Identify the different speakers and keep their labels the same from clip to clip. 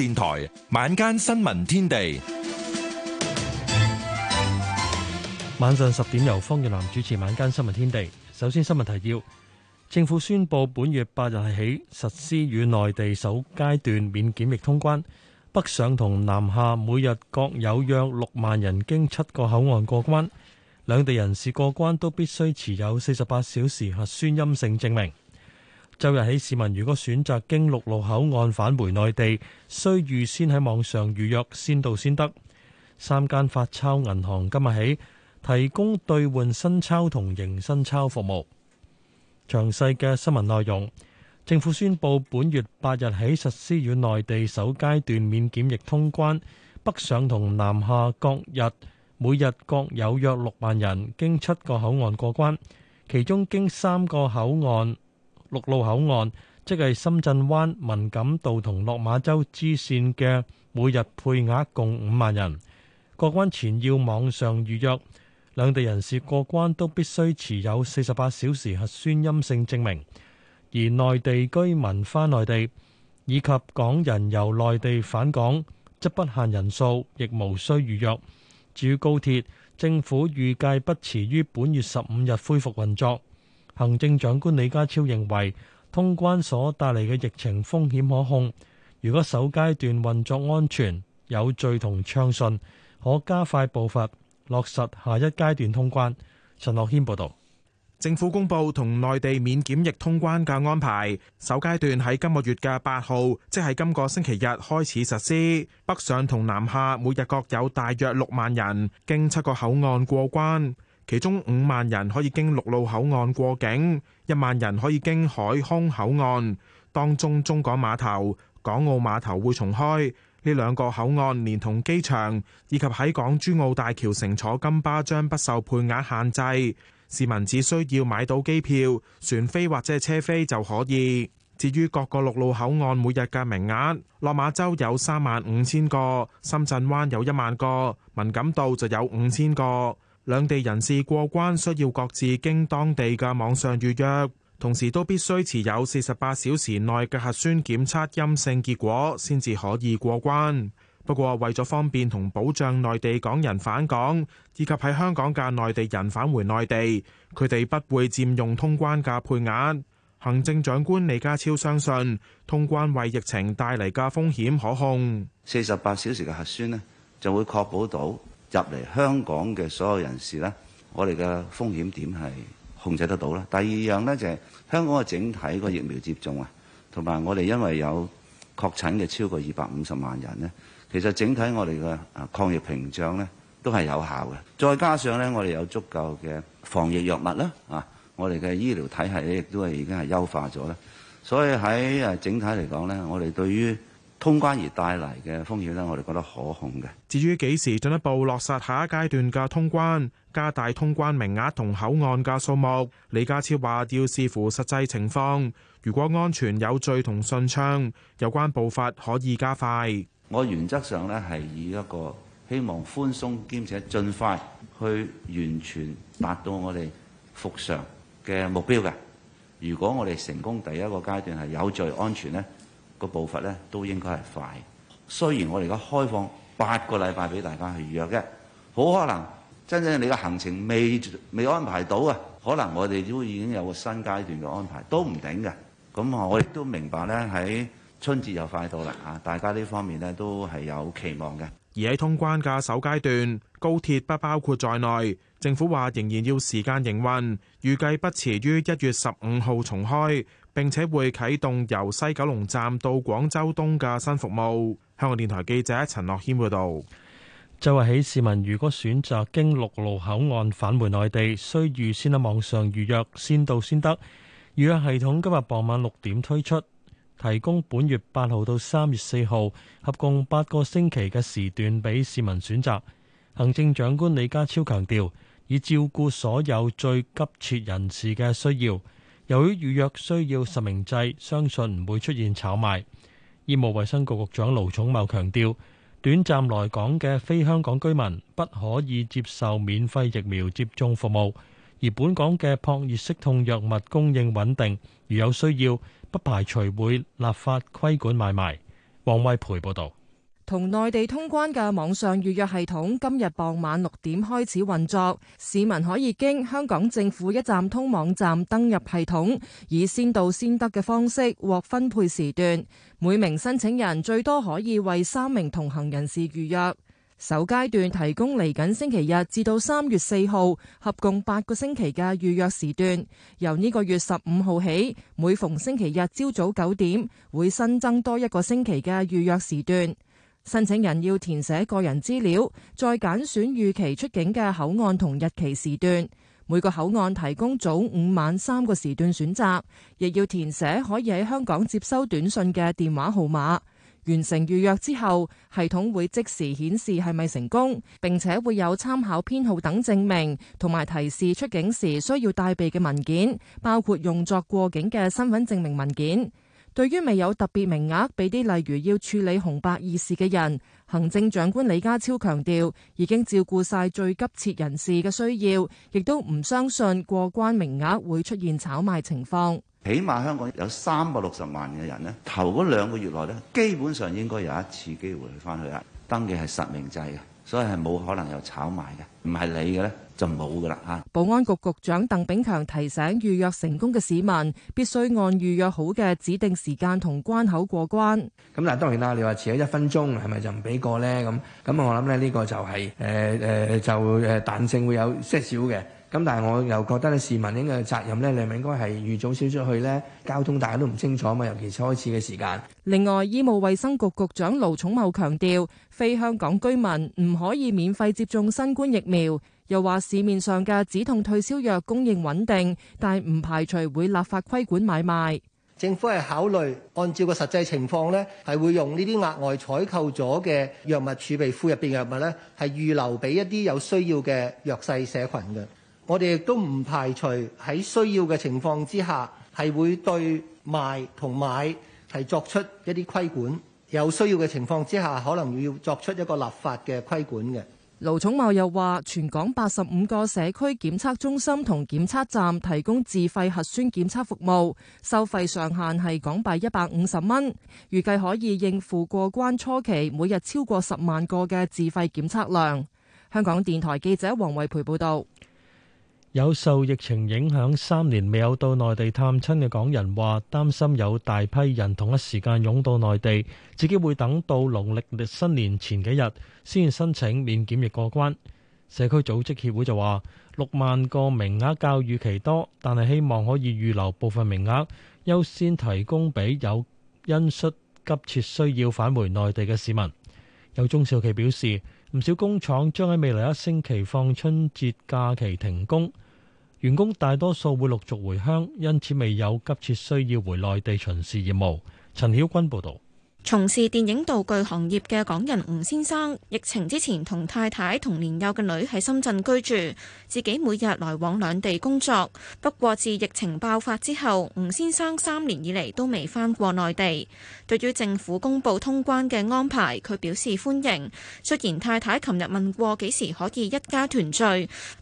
Speaker 1: 電台晚間新聞天
Speaker 2: 地，晚上十點由方月南主持晚間新聞天地。首先新聞提要：政府宣布本月八日係起實施與內地首階段免檢疫通關，北上同南下每日各有約六萬人經七個口岸過關，兩地人士過關都必須持有四十八小時核酸陰性證明。周日起，市民如果選擇經陸路口岸返回內地，需預先喺網上預約，先到先得。三間發鈔銀行今日起提供兌換新鈔同迎新鈔服務。詳細嘅新聞內容，政府宣布本月八日起實施與內地首階段免檢疫通關，北上同南下各日每日各有約六萬人經七個口岸過關，其中經三個口岸。陸路口岸即係深圳灣、文錦渡同落馬洲支線嘅，每日配額共五萬人，過關前要網上預約。兩地人士過關都必須持有四十八小時核酸陰性證明。而內地居民返內地以及港人由內地返港則不限人數，亦無需預約。至於高鐵，政府預計不遲於本月十五日恢復運作。行政長官李家超認為，通關所帶嚟嘅疫情風險可控。如果首階段運作安全、有序同
Speaker 1: 暢順，可加快步伐落實下一階段通關。陳樂軒報導。政府公布同內地免檢疫通關嘅安排，首階段喺今個月嘅八號，即係今個星期日開始實施。北上同南下每日各有大約六萬人經七個口岸過關。其中五萬人可以經陸路口岸過境，一萬人可以經海空口岸。當中，中港碼頭、港澳碼頭會重開，呢兩個口岸連同機場以及喺港珠澳大橋乘坐金巴將不受配額限制。市民只需要買到機票、船飛或者係車飛就可以。至於各個陸路口岸每日嘅名額，落馬洲有三萬五千個，深圳灣有一萬個，文錦渡就有五千個。兩地人士過關需要各自經當地嘅網上預約，同時都必須持有四十八小時內嘅核酸檢測陰性結果先至可以過關。不過為咗方便同保障內地港人返港，以及喺香港嘅內地人返回內地，佢哋不會佔用通關嘅配額。行政長官李家超相
Speaker 3: 信，通關為疫情帶嚟嘅風險可控，四十八小時嘅核酸呢就會確保到。入嚟香港嘅所有人士咧，我哋嘅風險點係控制得到啦。第二樣咧就係香港嘅整體個疫苗接種啊，同埋我哋因為有確診嘅超過二百五十萬人咧，其實整體我哋嘅啊抗疫屏障咧都係有效嘅。再加上咧，我哋有足夠嘅防疫藥物啦，啊，我哋嘅醫療體系咧亦都係已經係優化咗啦。所以喺誒整體嚟講咧，我哋對於。通關而帶嚟嘅風險咧，我哋覺得可控嘅。
Speaker 1: 至於幾時進一步落實下一階段嘅通關、加大通關名額同口岸嘅數目，李家超話要視乎實際情況，如果安全有序同順暢，有關步伐可以加快。
Speaker 3: 我原則上呢，係以一個希望寬鬆兼且盡快去完全達到我哋復常嘅目標嘅。如果我哋成功第一個階段係有序安全呢。個步伐咧都應該係快，雖然我哋而家開放八個禮拜俾大家去預約嘅，好可能真正你嘅行程未未安排到啊，可能我哋都已經有個新階段嘅安排，都唔頂嘅。咁我亦都明白咧，喺春節又快到啦嚇，大家呢方面咧都係有期望嘅。而喺
Speaker 1: 通關嘅首階段，高鐵不包括在內，政府話仍然要時間營運，預計不遲於一月十五號重開。並且會啟動由西九龍站到廣州東嘅新服務。香港電台記者陳樂謙報道。今日起，市民如果選擇經陸路口岸返回內地，需預
Speaker 2: 先喺網上預約，先到先得。預約系統今日傍晚六點推出，提供本月八號到三月四號，合共八個星期嘅時段俾市民選擇。行政長官李家超強調，以照顧所有最急切人士嘅需要。由於預約需要實名制，相信唔會出現炒賣。醫務衛生局局長盧寵茂強調，短暫來港嘅非香港居民不可以接受免費疫苗接種服務。而本港嘅撲熱息痛藥物供應穩定，如有需要，不排除會立法規管買賣。王威培報導。
Speaker 4: 同內地通關嘅網上預約系統今日傍晚六點開始運作，市民可以經香港政府一站通網站登入系統，以先到先得嘅方式獲分配時段。每名申請人最多可以為三名同行人士預約。首階段提供嚟緊星期日至到三月四號，合共八個星期嘅預約時段。由呢個月十五號起，每逢星期日朝早九點會新增多一個星期嘅預約時段。申請人要填寫個人資料，再揀選預期出境嘅口岸同日期時段。每個口岸提供早、午、晚三個時段選擇，亦要填寫可以喺香港接收短訊嘅電話號碼。完成預約之後，系統會即時顯示係咪成功，並且會有參考編號等證明，同埋提示出境時需要帶備嘅文件，包括用作過境嘅身份證明文件。對於未有特別名額俾啲例如要處理紅白二事嘅人，行政長官李家超強調，已經照顧晒最急切人士嘅需要，亦都唔相信過關名額會出現炒賣情況。
Speaker 3: 起碼香港有三百六十萬嘅人咧，頭嗰兩個月內呢，基本上應該有一次機會去返去啦。登記係實名制嘅。所以係冇可能又炒賣嘅，唔係你嘅咧就冇㗎喇吓。保安局局
Speaker 4: 長鄧炳強提醒預約成功嘅市民，必須按預約好嘅指定時間同關口過關。
Speaker 5: 咁嗱，當然啦，你話遲咗一分鐘係咪就唔俾過咧？咁咁我諗咧呢個就係誒誒就誒彈性會有些少嘅。咁，但係我又覺得咧，市民應該嘅責任咧，你咪應該係預早少少去咧。交通大家都唔清楚嘛，尤其是開
Speaker 4: 始嘅時間。另外，醫務衛生局局長盧寵茂強調，非香港居民唔可以免費接種新冠疫苗。又話市面上嘅止痛退燒藥供應穩定，但係唔排除會立法規管買賣。政府係考慮按照個實際情況咧，係會用呢啲額外採購咗嘅藥物儲備庫入
Speaker 6: 邊藥物咧，係預留俾一啲有需要嘅弱勢社群嘅。我哋亦都唔排除喺需要嘅情況之下，係會對賣同買係作出一啲規管。有需要嘅情況之下，可能要作出一個立法嘅
Speaker 4: 規管嘅。盧寵茂又話，全港八十五個社區檢測中心同檢測站提供自費核酸檢測服務，收費上限係港幣一百五十蚊，預計可以應付過關初期每日超過十萬個嘅自費檢測量。香港電台記者黃慧培報道。
Speaker 2: 有受疫情影響三年未有到內地探親嘅港人話，擔心有大批人同一時間湧到內地，自己會等到農曆新年前幾日先申請免檢疫過關。社區組織協會就話六萬個名額較預期多，但係希望可以預留部分名額優先提供俾有因說急切需要返回內地嘅市民。有中小企表示。唔少工廠將喺未來一星期放春節假期停工，員工大多數會陸續回鄉，因此未有急切需要回內地巡視業務。陳曉君報導。
Speaker 7: 從事電影道具行業嘅港人吳先生，疫情之前同太太同年幼嘅女喺深圳居住，自己每日來往兩地工作。不過自疫情爆發之後，吳先生三年以嚟都未返過內地。對於政府公布通關嘅安排，佢表示歡迎。雖然太太琴日問過幾時可以一家團聚，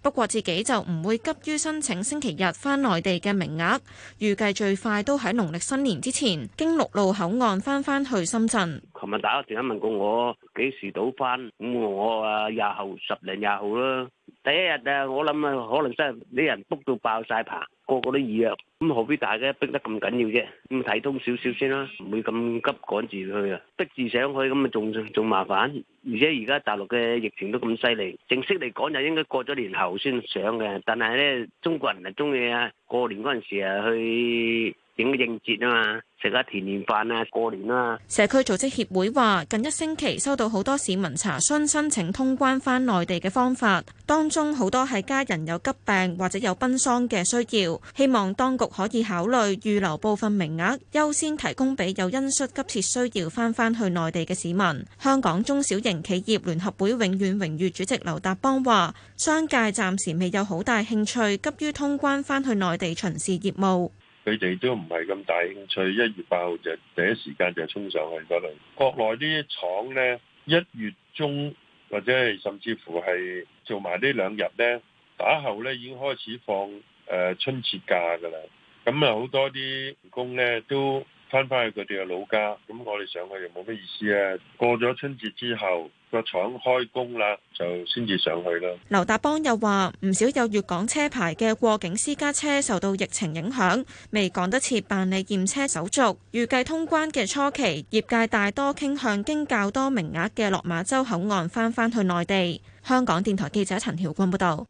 Speaker 7: 不過自己就唔會急於申請星期日返內地嘅名額，預計最快都喺農曆新年之前經陸路口岸返返去。深圳
Speaker 3: 琴日打個電話問過我幾時倒翻，咁我話廿號十零廿號啦。第一日啊，我諗啊，可能真係啲人 book 到爆晒棚，個個都預約，咁何必大家逼得咁緊要啫？咁睇通少少先啦，唔會咁急趕住去啊，逼住上去咁啊，仲仲麻煩。而且而家大陸嘅疫情都咁犀利，正式嚟講就應該過咗年後先上嘅。但係咧，中國人係中意啊，過年嗰陣時啊去。點應節啊嘛，食下團年飯啊，過年啊！
Speaker 7: 社區組織協會話，近一星期收到好多市民查詢申請通關返內地嘅方法，當中好多係家人有急病或者有奔喪嘅需要，希望當局可以考慮預留部分名額，優先提供俾有恩恤急切需要返返去內地嘅市民。香港中小型企業聯合會永遠榮譽主席劉達邦話，商界暫時未有好大興趣，急於通關返去內地巡視業務。
Speaker 8: 佢哋都唔係咁大興趣，一月八號就第一時間就衝上去嗰度。國內啲廠呢，一月中或者係甚至乎係做埋呢兩日呢，打後呢已經開始放誒、呃、春節假㗎喇。咁啊，好多啲員工呢都。翻翻去佢哋嘅老家，咁我哋上去又冇咩意思啊。過咗春節之後，個廠開工啦，就先至上去啦。
Speaker 7: 劉達邦又話，唔少有粵港車牌嘅過境私家車受到疫情影響，未趕得切辦理驗車手續，預計通關嘅初期，業界大多傾向經較多名額嘅落馬洲口岸翻翻去內地。香港電台記者陳曉君報道。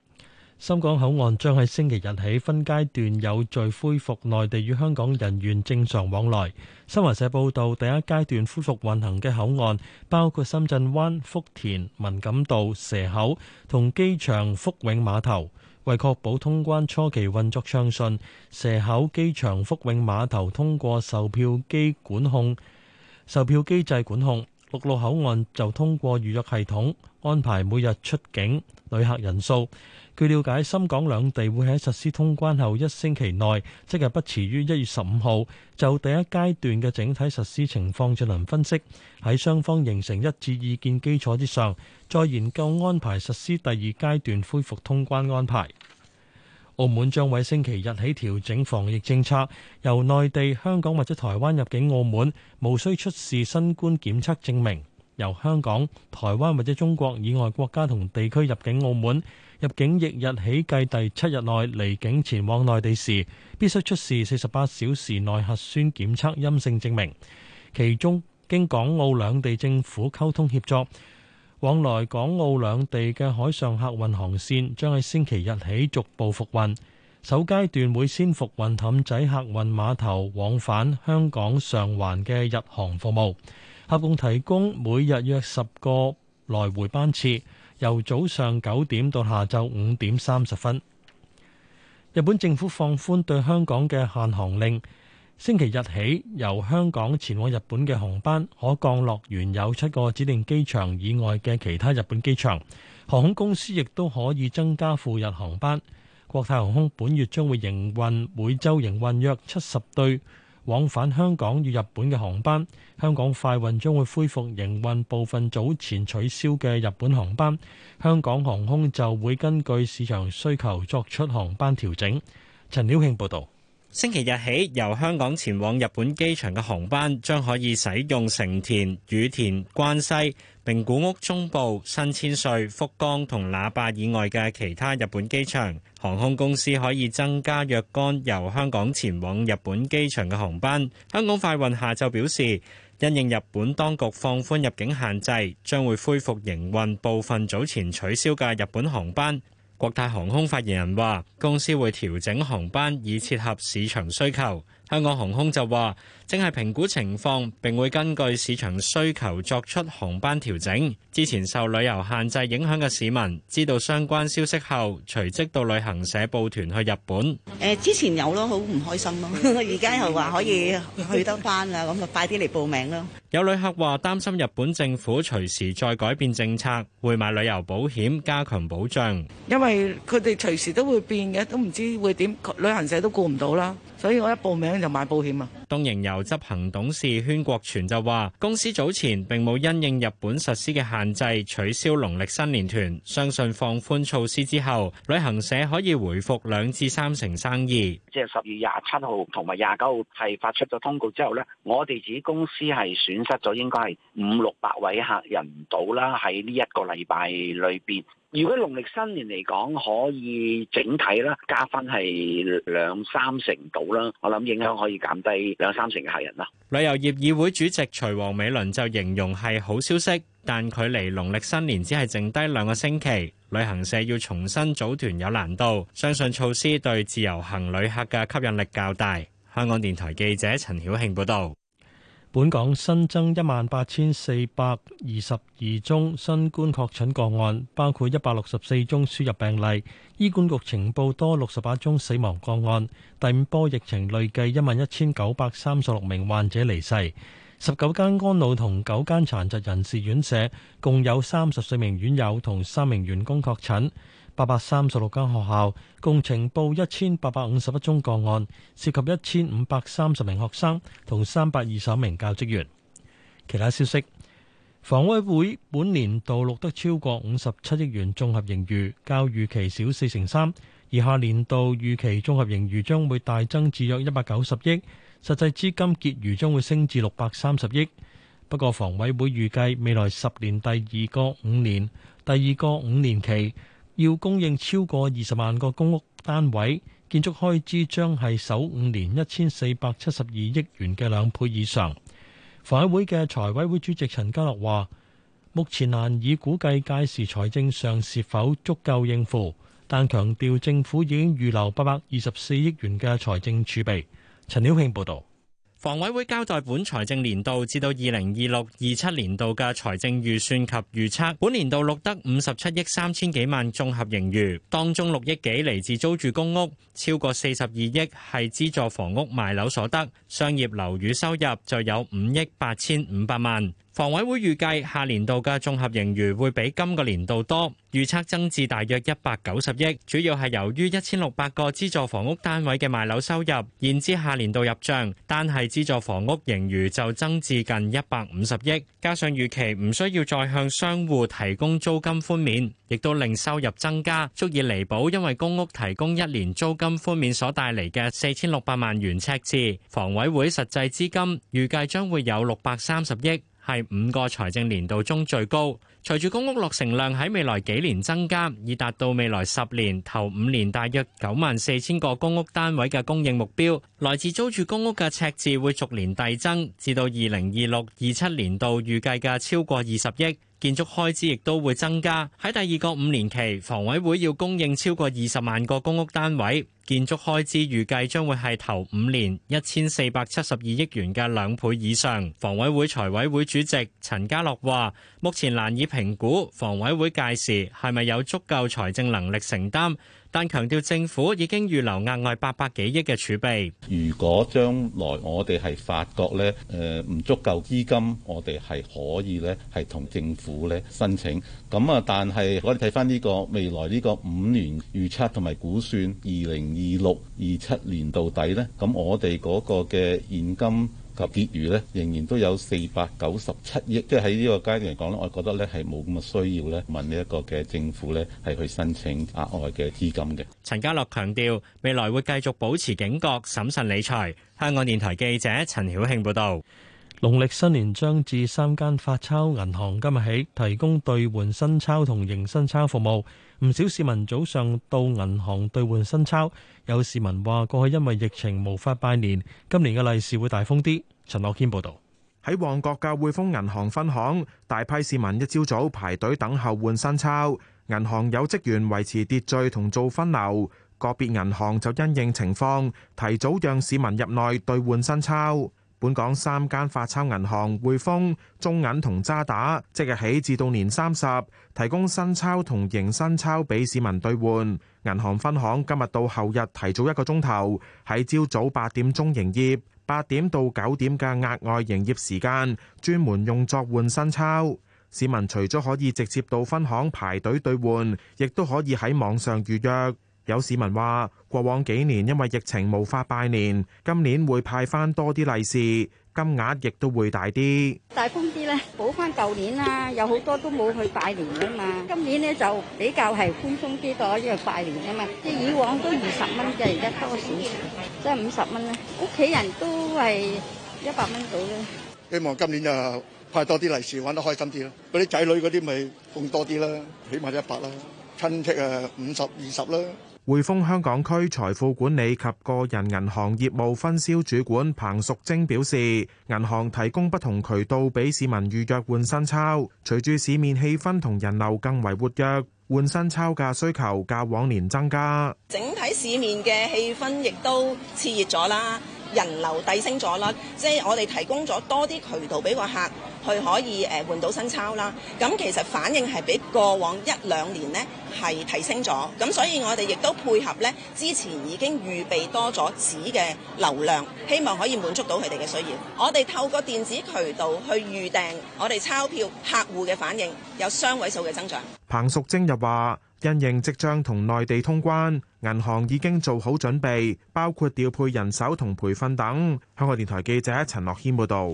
Speaker 2: 深港口岸將喺星期日起分階段有序恢復內地與香港人員正常往來。新華社報道，第一階段恢復運行嘅口岸包括深圳灣、福田、文錦渡、蛇口同機場福永碼頭。為確保通關初期運作暢順，蛇口機場福永碼頭通過售票機管控，售票機制管控，陸路口岸就通過預約系統安排每日出境旅客人數。據了解，深港兩地會喺實施通關後一星期內，即日不遲於一月十五號，就第一階段嘅整體實施情況進行分析，喺雙方形成一致意見基礎之上，再研究安排實施第二階段恢復通關安排。澳門將喺星期日起調整防疫政策，由內地、香港或者台灣入境澳門，無需出示新冠檢測證明；由香港、台灣或者中國以外國家同地區入境澳門。入境翌日起計第七日內離境前往內地時必須出示四十八小時內核酸檢測陰性證明。其中，經港澳兩地政府溝通協作，往來港澳兩地嘅海上客運航線將喺星期日起逐步復運，首階段會先復運氹仔客運碼頭往返香港上環嘅日航服務，合共提供每日約十個來回班次。由早上九點到下晝五點三十分，日本政府放寬對香港嘅限航令。星期日起，由香港前往日本嘅航班可降落原有七個指定機場以外嘅其他日本機場。航空公司亦都可以增加赴日航班。國泰航空本月將會營運，每週營運約七十對。往返香港與日本嘅航班，香港快運將會恢復營運部分早前取消嘅日本航班，香港航空就會根據市場需求作出航班調整。陳曉慶報道。
Speaker 9: 星期日起，由香港前往日本機場嘅航班將可以使用成田、羽田、關西、名古屋中部、新千歲、福岡同那霸以外嘅其他日本機場。航空公司可以增加若干由香港前往日本機場嘅航班。香港快運下晝表示，因應日本當局放寬入境限制，將會恢復營運部分早前取消嘅日本航班。國泰航空發言人話，公司會調整航班，以切合市場需求。香港航空就話，正係評估情況，並會根據市場需求作出航班調整。之前受旅遊限制影響嘅市民，知道相關消息後，隨即到旅行社報團去日本。
Speaker 10: 誒，之前有咯，好唔開心咯。而家又話可以去得返啦，咁就
Speaker 11: 快啲嚟報名咯。
Speaker 9: 有旅客話擔心日本政府隨時再改變政策，會買旅遊保險加強保障。
Speaker 12: 因為佢哋隨時都會變嘅，都唔知會
Speaker 9: 點。旅行社都顧唔到啦，所以我一報名就買保險啊。東瀛遊執行董事軒國全就話，公司早前並冇因應日本實施嘅限制取消農曆新年團，相信放寬措施之後，旅行社可以回復兩至三成生意。
Speaker 3: 即係十月廿七號同埋廿九號係發出咗通告之後呢，我哋自己公司係損失咗應該係五六百位客人度啦，喺呢一個禮拜裏邊。如果農曆新年嚟講，可以整體啦，加分係兩三成度啦。我諗影響可以減低兩三成嘅客人啦。
Speaker 9: 旅遊業議會主席徐王美倫就形容係好消息，但距離農曆新年只係剩低兩個星期，旅行社要重新組團有難度，相信措施對自由行旅客嘅吸引力較大。香港電台記者陳曉慶報道。
Speaker 2: 本港新增一萬八千四百二十二宗新冠確診個案，包括一百六十四宗輸入病例。醫管局呈報多六十八宗死亡個案。第五波疫情累計一萬一千九百三十六名患者離世。十九間安老同九間殘疾人士院舍共有三十四名院友同三名員工確診。八百三十六間學校共呈報一千八百五十一宗個案，涉及一千五百三十名學生同三百二十名教職員。其他消息，房委會本年度錄得超過五十七億元綜合盈餘，較預期少四成三。而下年度預期綜合盈餘將會大增至約一百九十億，實際資金結餘將會升至六百三十億。不過，房委會預計未來十年第二個五年第二個五年期。要供應超過二十萬個公屋單位，建築開支將係首五年一千四百七十二億元嘅兩倍以上。房委會嘅財委會主席陳家樂話：目前難以估計屆時財政上是否足夠應付，但強調政府已經預留八百二十四億元嘅財政儲備。陳曉慶報導。房委會交代本財
Speaker 9: 政年度至到二零二六二七年度嘅財政預算及預測，本年度錄得五十七億三千幾萬綜合盈餘，當中六億幾嚟自租住公屋，超過四十二億係資助房屋賣樓所得，商業樓宇收入就有五億八千五百萬。房委會預計下年度嘅綜合盈餘會比今個年度多，預測增至大約一百九十億，主要係由於一千六百個資助房屋單位嘅賣樓收入延至下年度入賬，單係資助房屋盈餘就增至近一百五十億。加上預期唔需要再向商戶提供租金寬免，亦都令收入增加，足以彌補因為公屋提供一年租金寬免所帶嚟嘅四千六百萬元赤字。房委會實際資金預計將會有六百三十億。係五個財政年度中最高。隨住公屋落成量喺未來幾年增加，以達到未來十年頭五年大約九萬四千個公屋單位嘅供應目標。來自租住公屋嘅赤字會逐年遞增，至到二零二六、二七年度預計嘅超過二十億。建築開支亦都會增加，喺第二個五年期，房委會要供應超過二十萬個公屋單位，建築開支預計將會係頭五年一千四百七十二億元嘅兩倍以上。房委會財委會主席陳家樂話，目前難以評估房委會屆時係咪有足夠財政能力承擔。但強調政府已經預留額
Speaker 3: 外八百幾億嘅儲備。如果將來我哋係發覺咧，誒唔足夠資金，我哋係可以咧係同政府咧申請。咁啊，但係我哋睇返呢個未來呢個五年預測同埋估算，二零二六、二七年到底咧，咁我哋嗰個嘅現金及結餘咧，仍然都有四百九十七億，即喺呢個階段嚟講咧，我覺得咧係冇咁嘅需要咧問呢一個嘅政府咧係去申請額外嘅資金嘅。陳家洛強調，未來
Speaker 9: 會繼續保持警覺、審慎理財。香港電台記者陳曉慶報道。
Speaker 2: 農曆新年將至，三間發鈔銀行今日起提
Speaker 1: 供兌換新鈔同迎新鈔服務。本港三間發鈔銀行匯豐、中銀同渣打，即日起至到年三十提供新鈔同迎新鈔俾市民兌換。銀行分行今日到後日提早一個鐘頭，喺朝早八點鐘營業，八點到九點嘅額外營業時間，專門用作換新鈔。市民除咗可以直接到分行排隊兌換，亦都可以喺網上預約。有市民話，過往幾年因為疫情無法拜年，今年會派翻多啲利是，金額亦都會大啲，
Speaker 10: 大封啲咧，補翻舊年啦。有好多都冇去拜年啊嘛，今年咧就比較係寬鬆啲多，因為拜年啊嘛。即係以往都二十蚊嘅，而家多少少，即係五十蚊咧。屋企人都係一百蚊度
Speaker 6: 嘅。希望今年就派多啲利是，玩得開心啲囉。嗰啲仔女嗰啲咪封多啲啦，起碼一百啦。親戚啊，五十二十啦。
Speaker 1: 匯豐香港區財富管理及個人銀行業務分銷主管彭淑貞表示，銀行提供不同渠道俾市民預約換新鈔。隨住市面氣氛同人流更為活躍，換新鈔嘅需求較往年增加。
Speaker 7: 整體市面嘅氣氛亦都熾熱咗啦。人流遞升咗啦，即係我哋提供咗多啲渠道俾個客去可以誒換到新鈔啦。咁其實反應係比過往一兩年呢，係提升咗。咁所以我哋亦都配合呢，之前已經預備多咗紙嘅流量，希望可以滿足到佢哋嘅需要。我哋透過電子渠道去預訂我哋鈔票，客戶嘅反應有雙位數嘅增長。
Speaker 1: 彭淑貞又話。因應即將同內地通關，銀行已經做好準備，包括調配人手同培訓等。香港電台記者陳樂謙報道。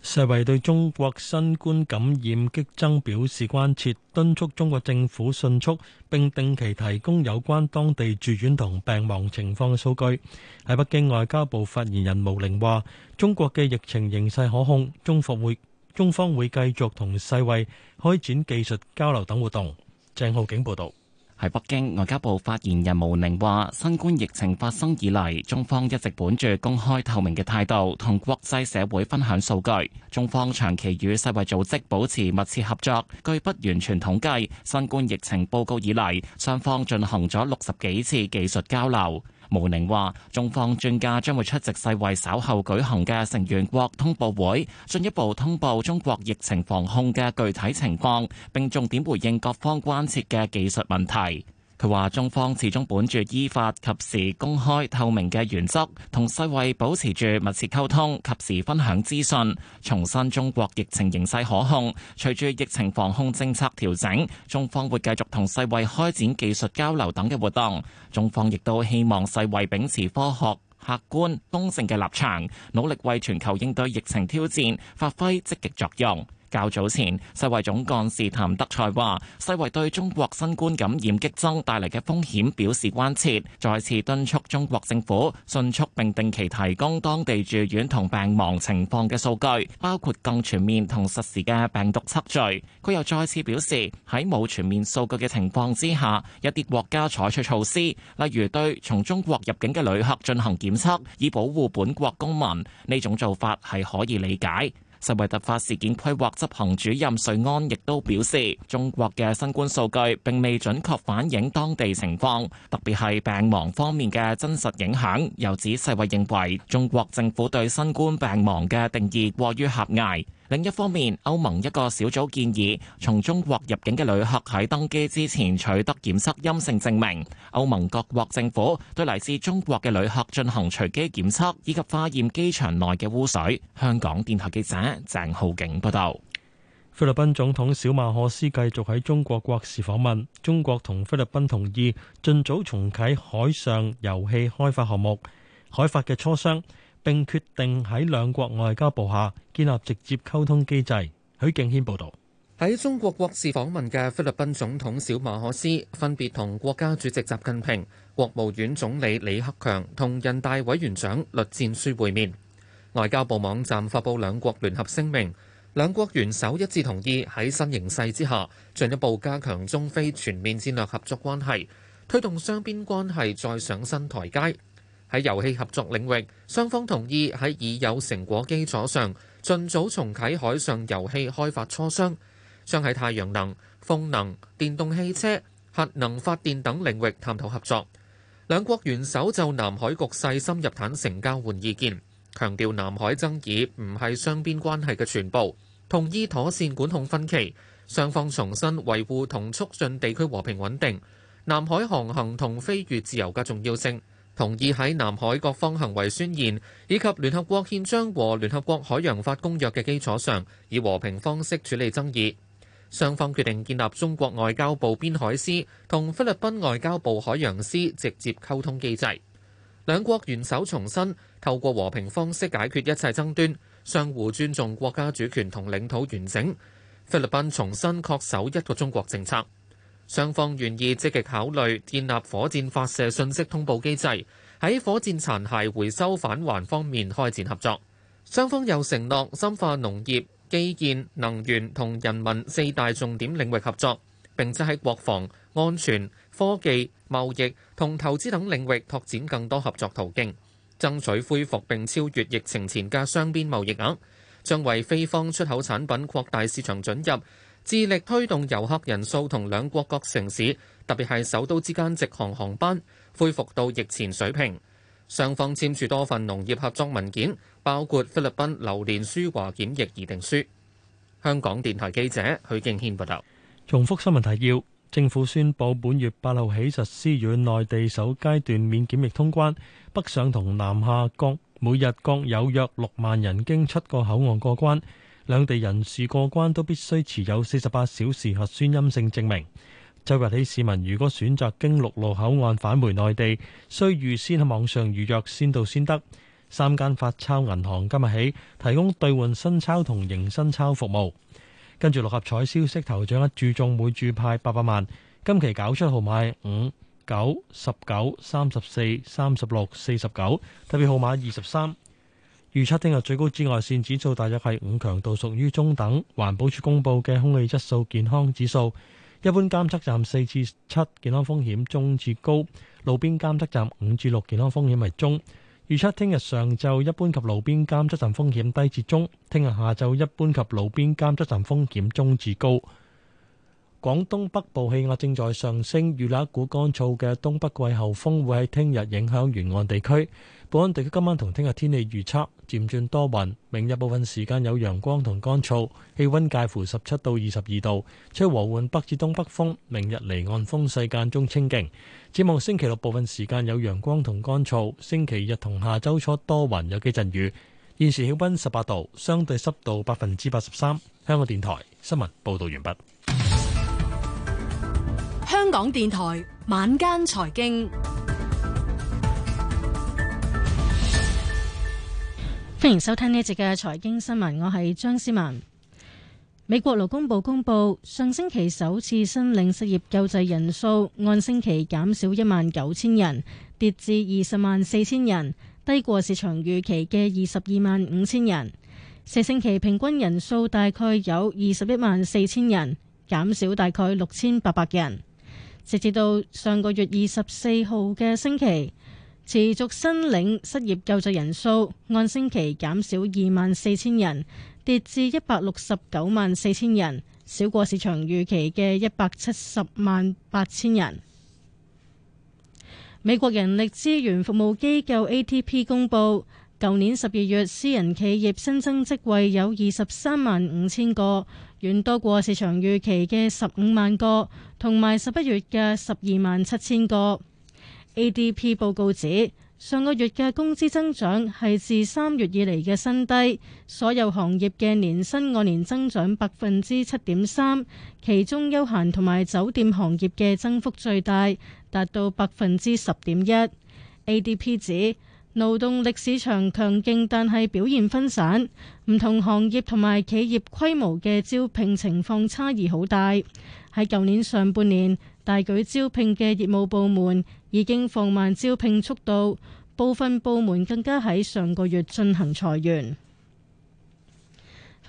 Speaker 1: 世衛對中國新冠感染激增表示關切，敦促中
Speaker 2: 國政府迅速並定期提供有關當地住院同病亡情況嘅數據。喺北京，外交部發言人毛寧話：中國嘅疫情形勢可控，中國會中方會繼續同世衛開展技術交流等活動。鄭浩景報道，
Speaker 12: 喺北京，外交部發言人毛寧話：新冠疫情發生以嚟，中方一直本住公開透明嘅態度，同國際社會分享數據。中方長期與世衛組織保持密切合作，據不完全統計，新冠疫情報告以嚟，雙方進行咗六十幾次技術交流。毛寧話：中方專家將會出席世衛稍後舉行嘅成員國通報會，進一步通報中國疫情防控嘅具體情況，並重點回應各方關切嘅技術問題。佢話：中方始終本住依法、及時、公開、透明嘅原則，同世衛保持住密切溝通，及時分享資訊，重申中國疫情形勢可控。隨住疫情防控政策調整，中方會繼續同世衛開展技術交流等嘅活動。中方亦都希望世衛秉持科學、客觀、公正嘅立場，努力為全球應對疫情挑戰發揮積極作用。較早前，世衛總幹事譚德塞話，世衛對中國新冠感染激增帶嚟嘅風險表示關切，再次敦促中國政府迅速並定期提供當地住院同病亡情況嘅數據，包括更全面同實時嘅病毒測序。佢又再次表示，喺冇全面數據嘅情況之下，一啲國家採取措施，例如對從中國入境嘅旅客進行檢測，以保護本國公民，呢種做法係可以理解。世衛突發事件規劃執行主任瑞安亦都表示，中國嘅新冠數據並未準確反映當地情況，特別係病亡方面嘅真實影響。又指世衛認為中國政府對新冠病亡嘅定義過於狹隘。另一方面，歐盟一個小組建議從中國入境嘅旅客喺登機之前取得檢測陰性證明。歐盟各國政府對嚟自中國嘅旅客進行隨機檢測，以及化驗機場內嘅污水。香港電台記
Speaker 2: 者鄭浩景報道。菲律賓總統小馬可斯繼續喺中國國事訪問。中國同菲律賓同意盡早重啟海上油氣開發項目海發嘅磋商，並決定喺兩國外交部下建立直接溝通機制。許敬軒報導，
Speaker 6: 喺中國國事訪問嘅菲律賓總統小馬可斯分別同國家主席習近平、國務院總理李克強同人大委員長栗戰書會面。外交部網站發布兩國聯合聲明，兩國元首一致同意喺新形勢之下進一步加強中菲全面戰略合作關係，推動雙邊關係再上新台階。喺油氣合作領域，雙方同意喺已有成果基礎上，盡早重啟海上油氣開發磋商，將喺太陽能、風能、電動汽車、核能發電等領域探討合作。兩國元首就南海局勢深入坦誠交換意見，強調南海爭議唔係雙邊關係嘅全部，同意妥善管控分歧。雙方重申維護同促進地區和平穩定、南海航行同飛越自由嘅重要性。同意喺南海各方行為宣言以及聯合國憲章和聯合國海洋法公約嘅基礎上，以和平方式處理爭議。雙方決定建立中國外交部邊海司同菲律賓外交部海洋司直接溝通機制。兩國元首重申透過和平方式解決一切爭端，相互尊重國家主權同領土完整。菲律賓重申確守一個中國政策。雙方願意積極考慮建立火箭發射信息通報機制，喺火箭殘骸回收返還方面開展合作。雙方又承諾深化農業、基建、能源同人民四大重點領域合作，並且喺國防、安全、科技、貿易同投資等領域拓展更多合作途徑，爭取恢復並超越疫情前嘅雙邊貿易額，將為菲方出口產品擴大市場准入。致力推動遊客人數同兩國各城市，特別係首都之間直航航班恢復到疫前水平。雙方簽署多份農業合作文件，包括菲律賓榴蓮輸華檢疫議定書。香港電台記者許敬軒報道。
Speaker 2: 重複新聞提要：政府宣布本月八號起實施與內地首階段免檢疫通關，北上同南下各每日各有約六萬人經七個口岸過關。兩地人士過關都必須持有四十八小時核酸陰性證明。周日起市民如果選擇經陸路口岸返回內地，需預先喺網上預約，先到先得。三間發鈔銀行今日起提供兌換新鈔同迎新鈔服務。跟住六合彩消息，頭獎一注中每注派八百萬。今期搞出號碼五、九、十九、三十四、三十六、四十九，49，特別號碼二十三。預測聽日最高紫外線指數大約係五強度，屬於中等。環保署公布嘅空氣質素健康指數，一般監測站四至七，健康風險中至高；路邊監測站五至六，健康風險為中。預測聽日上晝一般及路邊監測站風險低至中，聽日下晝一般及路邊監測站風險中至高。廣東北部氣壓正在上升，預料一股乾燥嘅東北季候風會喺聽日影響沿岸地區。本港地區今晚同聽日天氣預測漸轉多雲，明日部分時間有陽光同乾燥，氣温介乎十七到二十二度，吹和緩北至東北風。明日離岸風勢間中清勁。展望星期六部分時間有陽光同乾燥，星期日同下周初多雲有幾陣雨。現時氣温十八度，相對濕度百分之八十三。香港電台新聞報導完畢。
Speaker 10: 香港電台晚間財經，歡迎收聽呢節嘅財經新聞。我係張思文。美國勞工部公布上星期首次申領失業救濟人數按星期減少一萬九千人，跌至二十萬四千人，低過市場預期嘅二十二萬五千人。四星期平均人數大概有二十一萬四千人，減少大概六千八百人。直至到上個月二十四號嘅星期，持續申領失業救濟人數按星期減少二萬四千人，跌至一百六十九萬四千人，少過市場預期嘅一百七十萬八千人。美國人力資源服務機構 ATP 公佈，舊年十二月私人企業新增職位有二十三萬五千個。遠多過市場預期嘅十五萬個，同埋十一月嘅十二萬七千個。A D P 報告指，上個月嘅工資增長係自三月以嚟嘅新低。所有行業嘅年薪按年增長百分之七點三，其中休閒同埋酒店行業嘅增幅最大，達到百分之十點一。A D P 指。勞動力市場強勁，但係表現分散，唔同行業同埋企業規模嘅招聘情況差異好大。喺舊年上半年大舉招聘嘅業務部門已經放慢招聘速度，部分部門更加喺上個月進行裁員。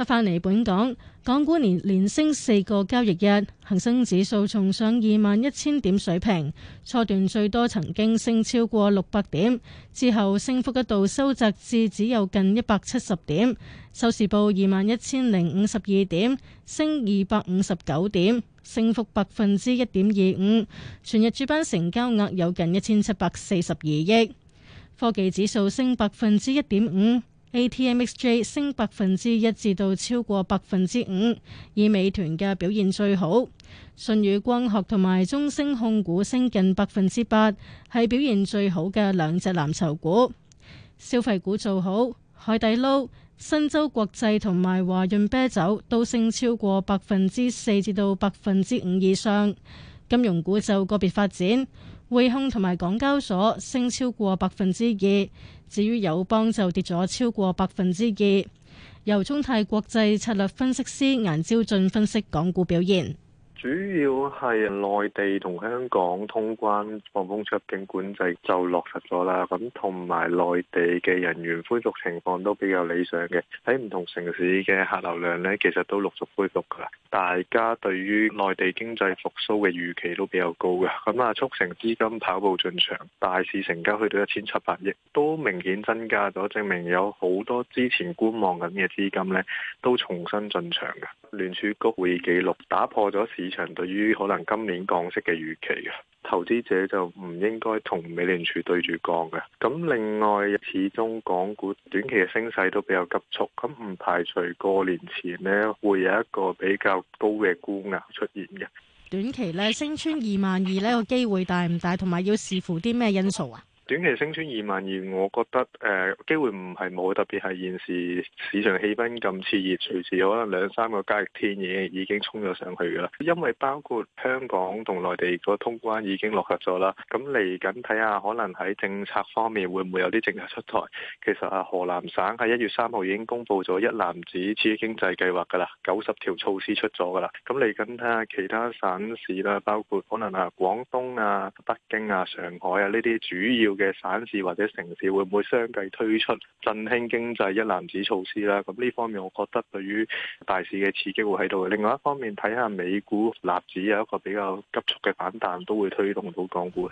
Speaker 10: 翻嚟本港，港股年連升四個交易日，恒生指數重上二萬一千點水平，初段最多曾經升超過六百點，之後升幅一度收窄至只有近一百七十點，收市報二萬一千零五十二點，升二百五十九點，升幅百分之一點二五。全日主板成交額有近一千七百四十二億，科技指數升百分之一點五。A T M X J 升百分之一至到超過百分之五，以美團嘅表現最好。舜宇光學同埋中升控股升近百分之八，係表現最好嘅兩隻藍籌股。消費股做好，海底撈、申洲國際同埋華潤啤酒都升超過百分之四至到百分之五以上。金融股就個別發展。匯控同埋港交所升超過百分之二，至於友邦就跌咗超過百分之二。由中泰國際策略分析師顏朝俊分析港股表現。
Speaker 8: 主要係內地同香港通關放風出境管制就落實咗啦，咁同埋內地嘅人員恢復情況都比較理想嘅，喺唔同城市嘅客流量呢，其實都陸續恢復噶。大家對於內地經濟復甦嘅預期都比較高嘅，咁啊促成資金跑步進場，大市成交去到一千七百億，都明顯增加咗，證明有好多之前觀望緊嘅資金呢，都重新進場嘅。聯儲局會議記錄打破咗市場對於可能今年降息嘅預期嘅，投資者就唔應該同美聯儲對住降嘅。咁另外，始終港股短期嘅升勢都比較急促，咁唔排除過年前呢，會有一個比較高嘅沽壓出現嘅。
Speaker 10: 短期呢，升穿二萬二呢個機會大唔大，同埋要視乎啲咩因素啊？
Speaker 8: 短期升穿二萬二，我覺得誒、呃、機會唔係冇，特別係現時市場氣氛咁熾熱，隨時可能兩三個交易天已經已經衝咗上去噶啦。因為包括香港同內地個通關已經落實咗啦，咁嚟緊睇下看看可能喺政策方面會唔會有啲政策出台。其實啊，河南省喺一月三號已經公布咗一攬子刺激經濟計劃噶啦，九十條措施出咗噶啦。咁嚟緊睇下其他省市啦，包括可能啊廣東啊、北京啊、上海啊呢啲主要。嘅省市或者城市會唔會相繼推出振興經濟一籃子措施啦？咁呢方面，我覺得對於大市嘅刺激會喺度。另外一方面，睇下美股納指有一個比較急速嘅反彈，都會推動到港股。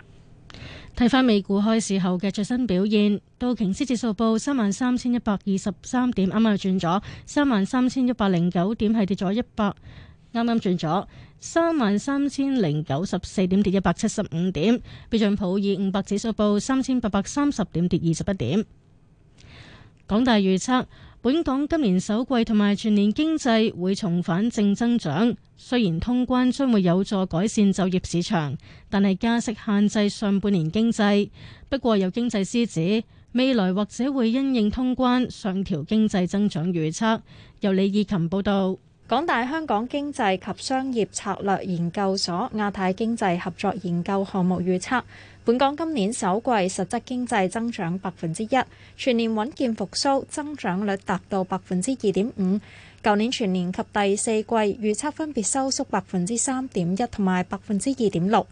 Speaker 10: 睇翻美股開市後嘅最新表現，道瓊斯指數報三萬三千一百二十三點剛剛，啱啱又轉咗三萬三千一百零九點，係跌咗一百，啱啱轉咗三萬三千零九十四點，跌一百七十五點。標準普爾五百指數報三千八百三十點，跌二十一點。港大預測，本港今年首季同埋全年經濟會重返正增長。雖然通關將會有助改善就業市場，但係加息限制上半年經濟。不過，有經濟師指未來或者會因應通關上調經濟增長預測。由李義琴報道。港大香港經濟及商業策略研究所亞太
Speaker 11: 經濟合作研究項目預測，本港今年首季實質經濟增長百分之一，全年穩健復甦，增長率達到百分之二點五。舊年全年及第四季預測分別收縮百分之三點一同埋百分之二點六。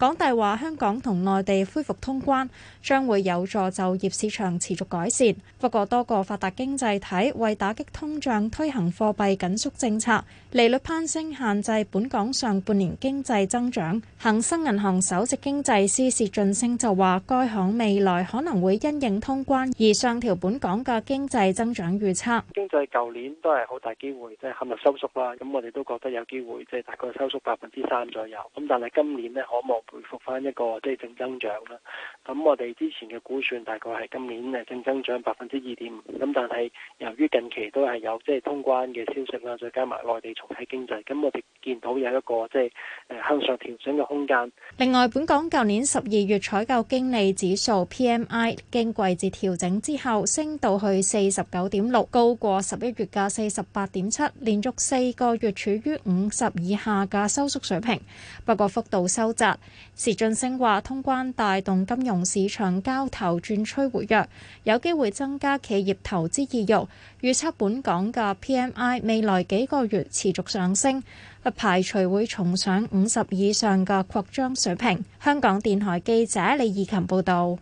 Speaker 11: 港大話：香港同內地恢復通關將會有助就業市場持續改善。不過，多個發達經濟體為打擊通脹推行貨幣緊縮政策，利率攀升限制本港上半年經濟增長。恒生銀行首席經濟師薛俊升就話，該行未來可能會因應通關而上調本港嘅經濟增長預測。
Speaker 2: 經濟舊年都係好大機會，即係陷入收縮啦。咁我哋都覺得有機會，即係大概收縮百分之三左右。咁但係今年呢，可望，回覆翻一個即係正增長啦。咁我哋之前嘅估算大概係今年誒正增長百分之二點五。咁但係由於近期都係有即係通關嘅消息啦，再加埋內地重啟經濟，咁我哋見到有一個即係向上調整嘅空間。
Speaker 11: 另外，本港舊年十二月採購經理指數 P.M.I. 經季節調整之後升到去四十九點六，高過十一月嘅四十八點七，連續四個月處於五十以下嘅收縮水平，不過幅度收窄。時俊聲話：通關帶動金融市場交投轉趨活躍，有機會增加企業投資意欲。預測本港嘅 PMI 未來幾個月持續上升，不排除會重上五十以上
Speaker 10: 嘅擴張水平。香港電台記者李義琴報道。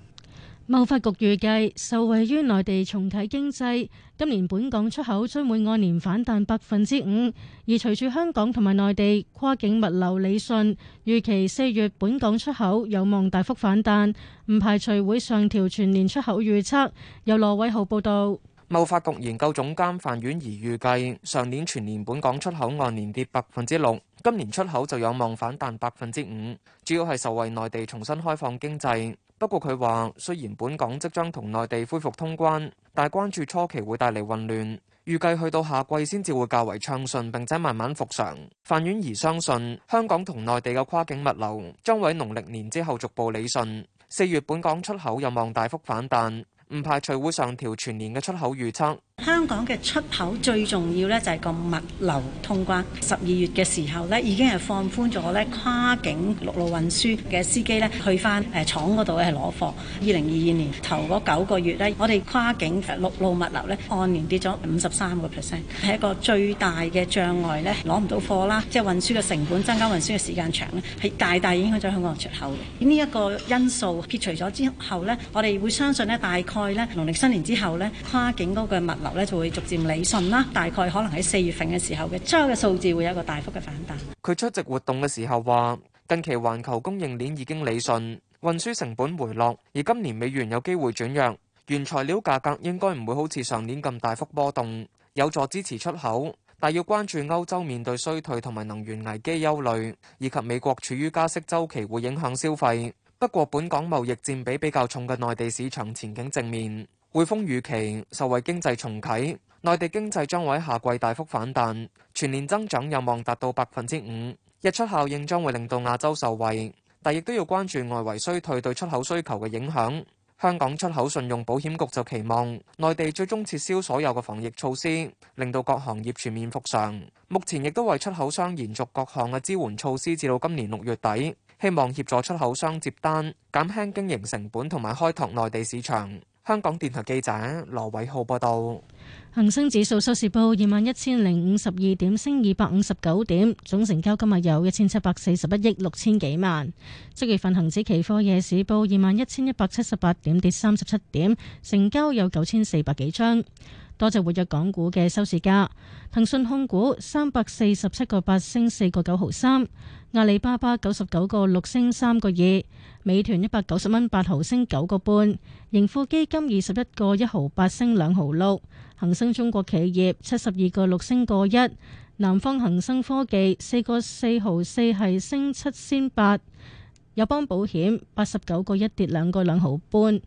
Speaker 10: 貿發局預計受惠於內地重啟經濟，今年本港出口將會按年反彈百分之五。而隨住香港同埋內地跨境物流理順，預期四月本港出口有望大幅反彈，唔排除會上調全年出口預測。由羅偉豪報道。
Speaker 5: 貿發局研究總監范婉怡預計，上年全年本港出口按年跌百分之六，今年出口就有望反彈百分之五，主要係受惠內地重新開放經濟。不過佢話，雖然本港即將同內地恢復通關，但係關注初期會帶嚟混亂，預計去到夏季先至會較為暢順，並且慢慢復常。范婉儀相信，香港同內地嘅跨境物流將會喺農曆年之後逐步理順。四月本港出口有望大幅反彈，唔排除會上調全年嘅出口預測。
Speaker 11: 香港嘅出口最重要呢就係個物流通關。十二月嘅時候呢已經係放寬咗呢跨境陸路運輸嘅司機呢去翻誒廠嗰度咧係攞貨。二零二二年頭嗰九個月呢我哋跨境陸路物流呢按年跌咗五十三個 percent，係一個最大嘅障礙咧攞唔到貨啦，即係運輸嘅成本增加，運輸嘅時間長咧係大大影響咗香港嘅出口嘅。呢一個因素撇除咗之後呢，我哋會相信呢大概呢農曆新年之後呢跨境嗰個物流，咧就會逐漸理順啦，大概可能喺四月份嘅時候嘅出口嘅數字會有一個大幅嘅反彈。
Speaker 5: 佢出席活動嘅時候話：近期環球供應鏈已經理順，運輸成本回落，而今年美元有機會轉弱，原材料價格應該唔會好似上年咁大幅波動，有助支持出口。但要關注歐洲面對衰退同埋能源危機憂慮，以及美國處於加息周期會影響消費。不過本港貿易佔比比較重嘅內地市場前景正面。匯豐預期受惠經濟重啟，內地經濟將會喺下季大幅反彈，全年增長有望達到百分之五。溢出效應將會令到亞洲受惠，但亦都要關注外圍衰退對出口需求嘅影響。香港出口信用保險局就期望內地最終撤銷所有嘅防疫措施，令到各行業全面復常。目前亦都為出口商延續各項嘅支援措施，至到今年六月底，希望協助出口商接單，減輕經營成本，同埋開拓內地市場。香港電台記者羅偉浩報道，
Speaker 10: 恒生指數收市報二萬一千零五十二點，升二百五十九點，總成交今日有一千七百四十一億六千幾萬。七月份恒指期貨夜市報二萬一千一百七十八點，跌三十七點，成交有九千四百幾張。多隻活躍港股嘅收市價，騰訊控股三百四十七個八升四個九毫三，阿里巴巴九十九個六升三個二，美團一百九十蚊八毫升九個半，盈富基金二十一個一毫八升兩毫六，恒生中國企業七十二個六升個一，南方恒生科技四個四毫四係升七先八，友邦保險八十九個一跌兩個兩毫半。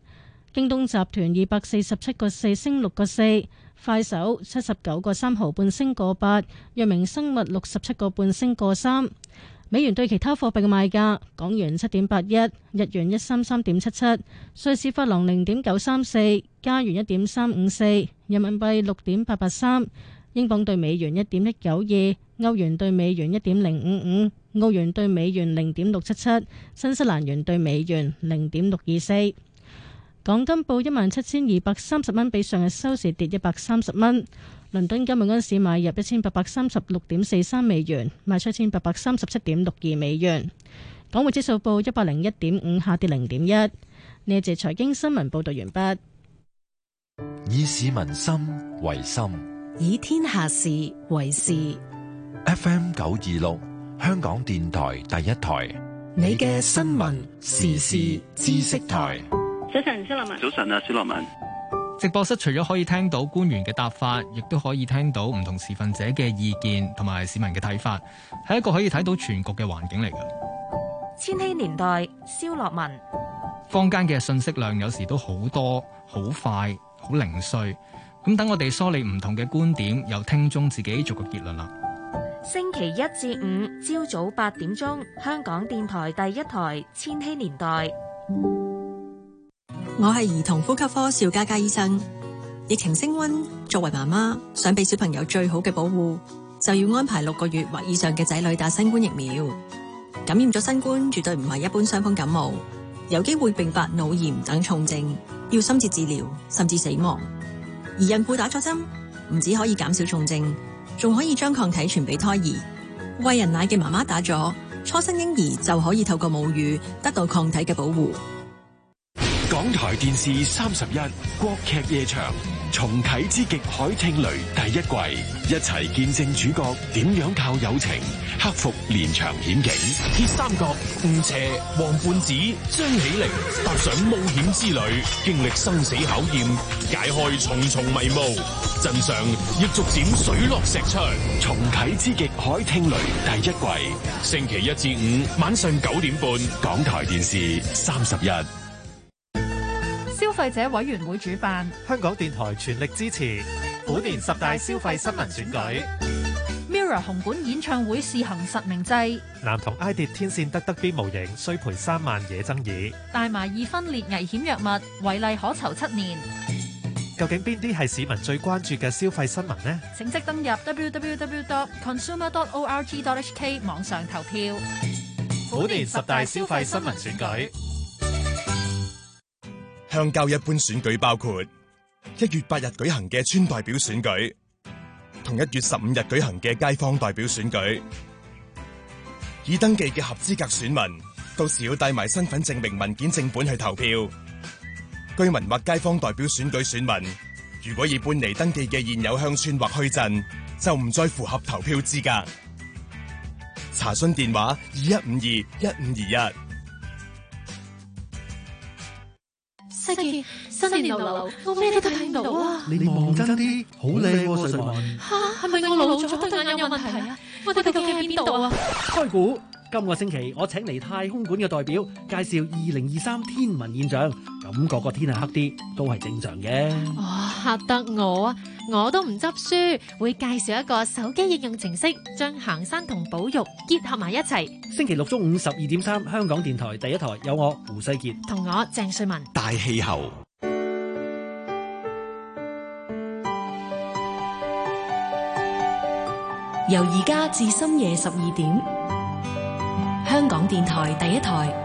Speaker 10: 京東集團二百四十七個四升六個四，快手七十九個三毫半升個八，藥明生物六十七個半升個三。美元對其他貨幣嘅賣價：港元七點八一，日元一三三點七七，瑞士法郎零點九三四，加元一點三五四，人民幣六點八八三，英鎊兌美元一點一九二，歐元兌美元一點零五五，澳元兌美元零點六七七，新西蘭元兌美元零點六二四。港金報一萬七千二百三十蚊，比上日收市跌一百三十蚊。倫敦金每盎司買入一千八百三十六點四三美元，賣出一千八百三十七點六二美元。港匯指數報一百零一點五，下跌零點一。呢節財經新聞報道完畢。
Speaker 2: 以市民心為心，
Speaker 10: 以天下事
Speaker 1: 為事。
Speaker 2: F M 九二六，香港電台第一台，
Speaker 1: 你嘅新聞，新聞時事知識
Speaker 2: 台。
Speaker 3: 早晨，肖樂文。早晨啊，肖樂文。
Speaker 6: 直播室除咗可以聽到官員嘅答法，亦都可以聽到唔同持分者嘅意見同埋市民嘅睇法，係一個可以睇到全局嘅環境嚟嘅。
Speaker 11: 千禧年代，肖樂文。
Speaker 6: 坊間嘅信息量有時都好多、好快、好零碎。咁等我哋梳理唔同嘅觀點，由聽眾自己做個結論啦。
Speaker 11: 星期一至五朝早八點鐘，香港電台第一台《千禧年代》。我係兒童呼吸科邵家家醫生。疫情升温，作為媽媽想俾小朋友最好嘅保護，就要安排六個月或以上嘅仔女打新冠疫苗。感染咗新冠，絕對唔係一般傷風感冒，有機會並發腦炎等重症，要深切治療，甚至死亡。而孕婦打咗針，唔止可以減少重症，仲可以將抗體傳俾胎兒。餵人奶嘅媽媽打咗，初生嬰兒就可以透過母乳得到抗體嘅保護。
Speaker 1: 港台電視三十一，國劇夜場，重啟之極海聽雷第一季，一齊見證主角點樣靠友情克服連場險境。鐵三角吳邪、王胖子、張起靈踏上冒險之旅，經歷生死考驗，解開重重迷霧。真相亦逐漸水落石出。重啟之極海聽雷第一季，星期一至五晚上九點半，港台電視三十一。
Speaker 11: 消費者委員
Speaker 6: 會主辦，香港電台全力支持虎年十大消費新聞選舉。
Speaker 11: Mirror 紅館演唱會試行實名制。
Speaker 2: 男童埃跌天線得得 B 模型，需賠三萬惹爭議。
Speaker 11: 大麻二分裂危險藥物，違例可囚七年。
Speaker 2: 究竟邊啲係市民最關注嘅消費新聞呢？
Speaker 11: 請即登入
Speaker 10: www.consumer.org.hk d o 網上投票。
Speaker 11: 虎年十
Speaker 1: 大消費新聞選舉。鄉郊一般選舉包括一月八日舉行嘅村代表選舉，同一月十五日舉行嘅街坊代表選舉。已登記嘅合資格選民到時要帶埋身份證明文件正本去投票。居民或街坊代表選舉選民，如果已搬離登記嘅現有鄉村或墟鎮，就唔再符合投票資格。查詢電話：二一五二一五二一。新年流流，我咩都睇唔到
Speaker 2: 啦、啊！你望真啲，好靚喎，細雯
Speaker 1: 看。嚇、啊，係咪我老
Speaker 11: 咗對眼有問題啊？我哋究竟喺邊度啊？啊，
Speaker 2: 開估。今個星期我請嚟太空館嘅代表介紹二零二三天文現象，感覺個天係黑啲都係正常嘅。哇、哦！
Speaker 10: 嚇得我啊！我都唔執輸，會介紹一個手機應用程式，將行山同保育結合埋一齊。
Speaker 2: 星期六中午十二點三，香港電台第一台有我胡世傑
Speaker 10: 同我鄭瑞文。
Speaker 2: 大氣候
Speaker 10: 由而家至深夜十二點。香港電台
Speaker 11: 第
Speaker 1: 一台。